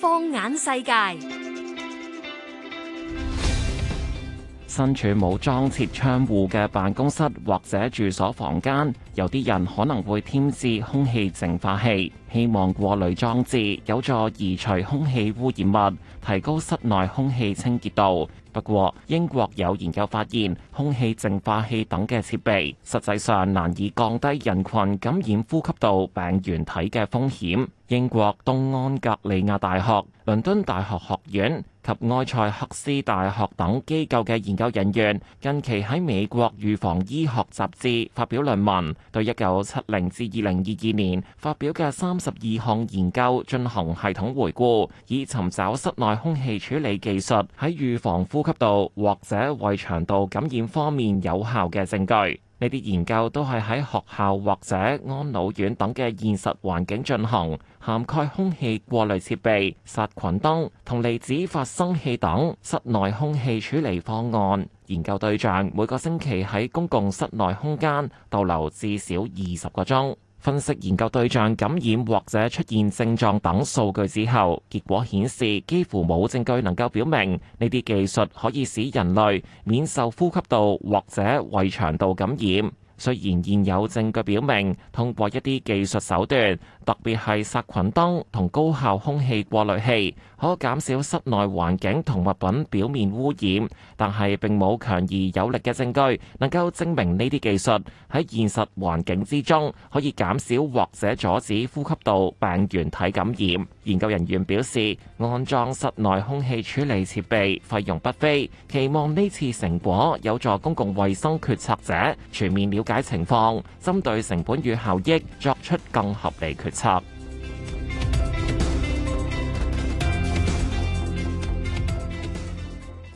放眼世界。身處冇裝設窗戶嘅辦公室或者住所房間，有啲人可能會添置空氣淨化器，希望過濾裝置有助移除空氣污染物，提高室內空氣清潔度。不過，英國有研究發現，空氣淨化器等嘅設備實際上難以降低人群感染呼吸道病原體嘅風險。英國東安格利亞大學、倫敦大學學院。及埃塞克斯大學等機構嘅研究人員近期喺美國預防醫學雜誌發表論文，對一九七零至二零二二年發表嘅三十二項研究進行系統回顧，以尋找室內空氣處理技術喺預防呼吸道或者胃腸道感染方面有效嘅證據。呢啲研究都係喺學校或者安老院等嘅現實環境進行，涵蓋空氣過濾設備、殺菌燈同離子發生器等室內空氣處理方案。研究對象每個星期喺公共室內空間逗留至少二十個鐘。分析研究對象感染或者出現症狀等數據之後，結果顯示幾乎冇證據能夠表明呢啲技術可以使人類免受呼吸道或者胃腸道感染。雖然現有證據表明，通過一啲技術手段，特別係殺菌燈同高效空氣過濾器，可減少室內環境同物品表面污染，但係並冇強而有力嘅證據能夠證明呢啲技術喺現實環境之中可以減少或者阻止呼吸道病原體感染。研究人員表示，安裝室內空氣處理設備費用不菲，期望呢次成果有助公共衛生決策者全面了解情況，針對成本與效益作出更合理決策。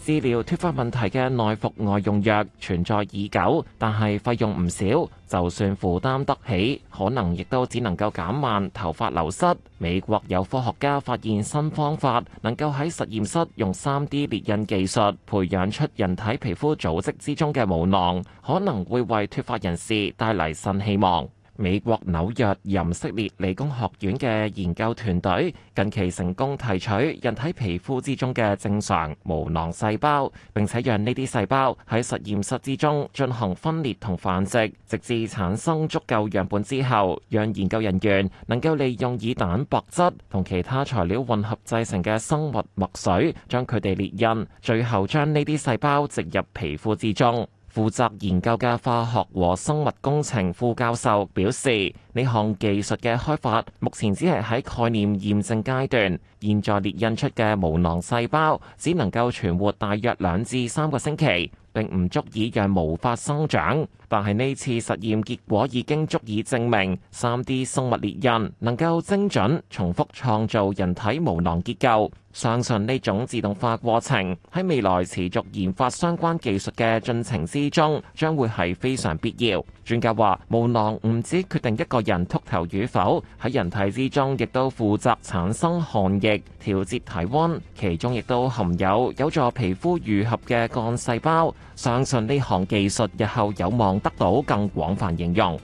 治療脫髮問題嘅內服外用藥存在已久，但係費用唔少，就算負擔得起，可能亦都只能夠減慢頭髮流失。美國有科學家發現新方法，能夠喺實驗室用 3D 列印技術培養出人體皮膚組織之中嘅毛囊，可能會為脫髮人士帶嚟新希望。美國紐約任色列理工學院嘅研究團隊近期成功提取人體皮膚之中嘅正常毛囊細胞，並且讓呢啲細胞喺實驗室之中進行分裂同繁殖，直至產生足夠樣本之後，讓研究人員能夠利用以蛋白質同其他材料混合製成嘅生物墨水，將佢哋列印，最後將呢啲細胞植入皮膚之中。負責研究嘅化學和生物工程副教授表示，呢項技術嘅開發目前只係喺概念驗證階段，現在列印出嘅毛囊細胞只能夠存活大約兩至三個星期。並唔足以讓毛髮生長，但係呢次實驗結果已經足以證明 3D 生物列印能夠精準重複創造人體毛囊結構。相信呢種自動化過程喺未來持續研發相關技術嘅進程之中，將會係非常必要。專家話，毛囊唔止決定一個人禿頭與否，喺人體之中亦都負責產生汗液、調節體温，其中亦都含有有助皮膚愈合嘅幹細胞。相信呢項技術日後有望得到更廣泛應用。